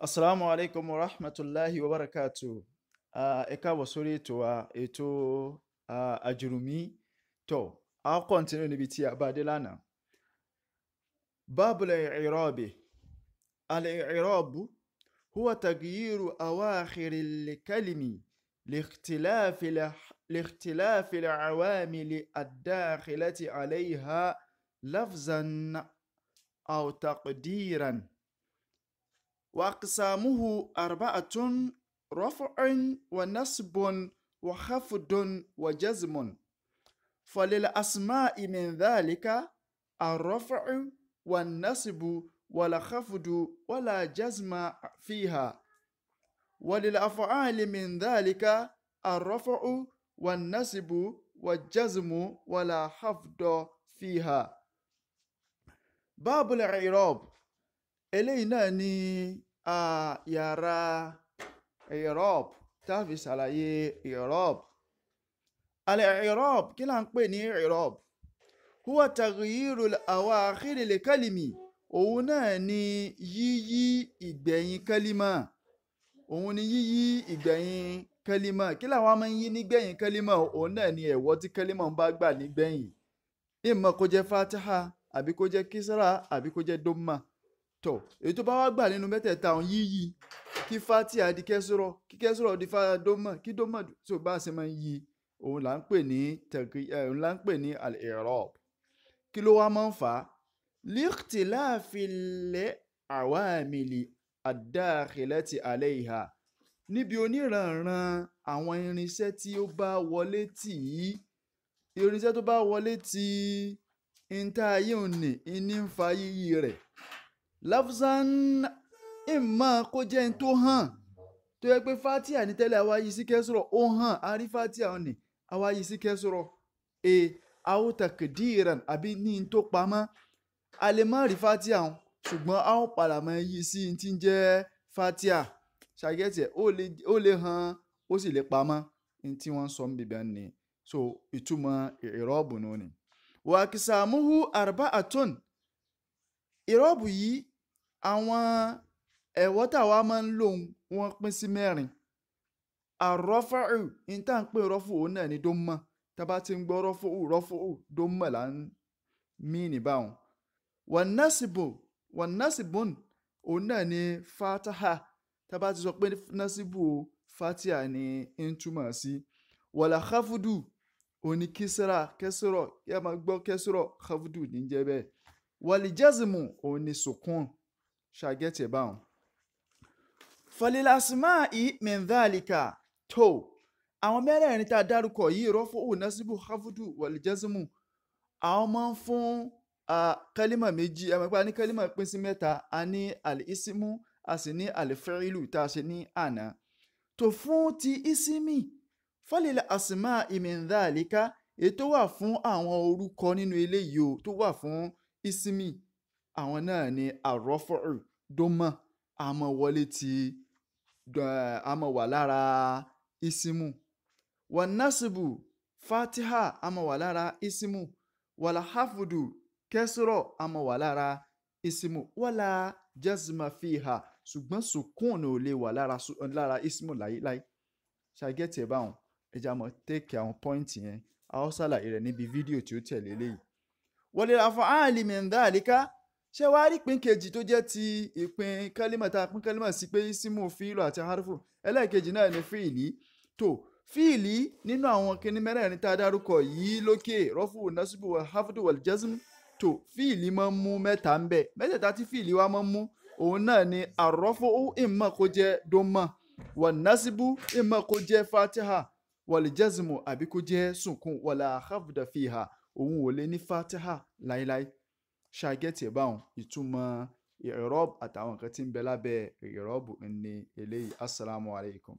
Assalamu alaikum wa rahmatullahi wa barakatu wa suri tuwa ito uh, àjùrùmí tó I'll continue níbi tí a bá dé lánàá báàbù al-i'rab al-i'rab huwa tagyiru awakhir al-kalimi لاختلاف لاختلاف العوامل الداخلة عليها lafzan au taqdiran. وأقسامه أربعة رفع ونصب وخفض وجزم فللأسماء من ذلك الرفع والنصب ولا خفض ولا جزم فيها وللأفعال من ذلك الرفع والنصب والجزم ولا خفض فيها باب الإعراب إلينا ني yàrá ìrọ́b tàbí ṣàlàyé ìrọ́b alẹ́ ìrọ́b kí là ń pè ní ìrọ́b huwa tagyiru al-awakhir li kalimi òun náà ni yíyí ìgbẹ̀yìn kálímà òun ni yíyí ìgbẹ̀yìn kálímà kí làwọn máa ń yí nígbẹ̀yìn kálímà òun náà ni ẹ̀wọ́ tí kálímà ń bá gbà nígbẹ̀yìn ìmọ̀ kó jẹ́ fatiha àbí kó jẹ́ kísra àbí kó jẹ́ dómà tọ èyí tó bá wá gbà nínú mẹ́tẹ̀ẹ̀ta ọ̀hún yíyí kí fatia di kẹsùrọ kí kẹsùrọ di fadọmọ kí dọmọ tí o bá ṣe máa ń yí òun là ń pè ní tẹkí ẹ òun là ń pè ní al-i'rab kí ló wá máa ń fà á likhtilafi al-awamili ad-dakhilati alayha níbi oníranran àwọn irinṣẹ́ tí ó bá wọlé tì í irinṣẹ́ tó bá wọlé tì í ntá ayé òní ní ń fa yíyí rẹ̀ lafzan ìmọ̀ kó jẹ́ n tó hàn tó yẹ pé fatia ní tẹ́lẹ̀ àwa yìí sí kẹ́sọ̀rọ̀ ó hàn á rí fatia ọ̀nì àwa yìí sí kẹ́sọ̀rọ̀ e aw takdiran àbí ní n tó pamọ́ a lè má rí fatia ọ̀hún ṣùgbọ́n a ó padà mọ yìí sí n tí ń jẹ́ fatia ṣàgẹ́tì ẹ̀ ó lè hàn ó sì lè pamọ́ n tí wọ́n sọ ń bìbẹ́ ni so ìtumọ̀ ìrọ́bù nù ni. wàkìsàmúhù àrùbá àtún ìrọ́bù yìí àwọn ẹ̀wọ́ táwa máa ń lòun wọ́n pín sí mẹ́rin àrọ́fàù ní tá à ń pè rọ́fùù náà ni dómà tábà ti ń gbọ́ rọ́fùù rọ́fùù dómà là ń mí níbàwọn wọnásìbò wọnásìbòn òun náà ni fataha tábà ti sọ pé násìbò fatia ni ń túmọ̀ sí wọlá hafudu òní kísírà kẹsírọ yẹ máa gbọ́ kẹsírọ hafudu ní jẹ́ bẹ́ẹ̀ wọlí jẹ́sìmù òun sùkún. So Shall get it bound? Falil asma'i min dhalika Àwọn mẹ́rẹ̀ẹ̀rin tá a dárúkọ yìí rọ́fọ́ nasibu hafudu wàlìjẹ́símù. Àwọn máa ń fún kálímà méjì ẹ̀ mọ̀ pé a ní kálímà pín mẹ́ta a ní àlìsímù a sì ní àlìfẹ́rìlù tá a ṣe ní àná. Tó fún ti ìsímì falil asma'i min dhalika èyí tó wà fún àwọn orúkọ nínú eléyìí o tó wà fún ìsímì àwọn náà ni àrọ́fọ́rù dómọ̀ a máa wọlé ti a lára isimu wànásìbù fatiha a lára isimu wàlàhàfùdù kẹsìrọ̀ a máa lára isimu wala jazma fiha ṣùgbọ́n sukun ò lè wà lára isimu láyéláyé ṣàgẹ́tì ẹ̀ báwọn ẹja mọ̀ tẹ́kì àwọn pọ́ìntì yẹn a ó ṣàlàyé rẹ̀ níbi fídíò tí ó tẹ̀lé léyìí wọlé àfọ àlìmí ń dá àlíká ṣé wàá rí ìpín kejì tó jẹ́ ti ìpín kálímọ̀ tá a pín kálímọ̀ sí pé símù fíìlù àti harufu ẹlẹ́ẹ̀kejì náà ni fíìlì tó fíìlì nínú àwọn kinní mẹ́rẹ̀ẹ̀rin tá a dárúkọ yìí lókè rọ́fù nasubu wa hafudu wal jazm tó fíìlì máa ń mú mẹ́ta ń bẹ̀ mẹ́tẹ̀ẹ̀ta tí fíìlì wa máa ń mú òun náà ni àrọ́fù ìmọ̀ kó jẹ́ dọ́mọ̀ wà nasibu ìmọ̀ kó jẹ́ fatiha wal àbí kó jẹ́ sunkun wàlà hafuda fiha òun ò lè ní fatiha láíláí ṣàgẹ́tì ẹ̀ báwọn ìtumọ̀ ìrọ́bù àtàwọn nǹkan tí ń bẹ lábẹ́ ìrọ́bù ní eléyìí asalaamualeykum.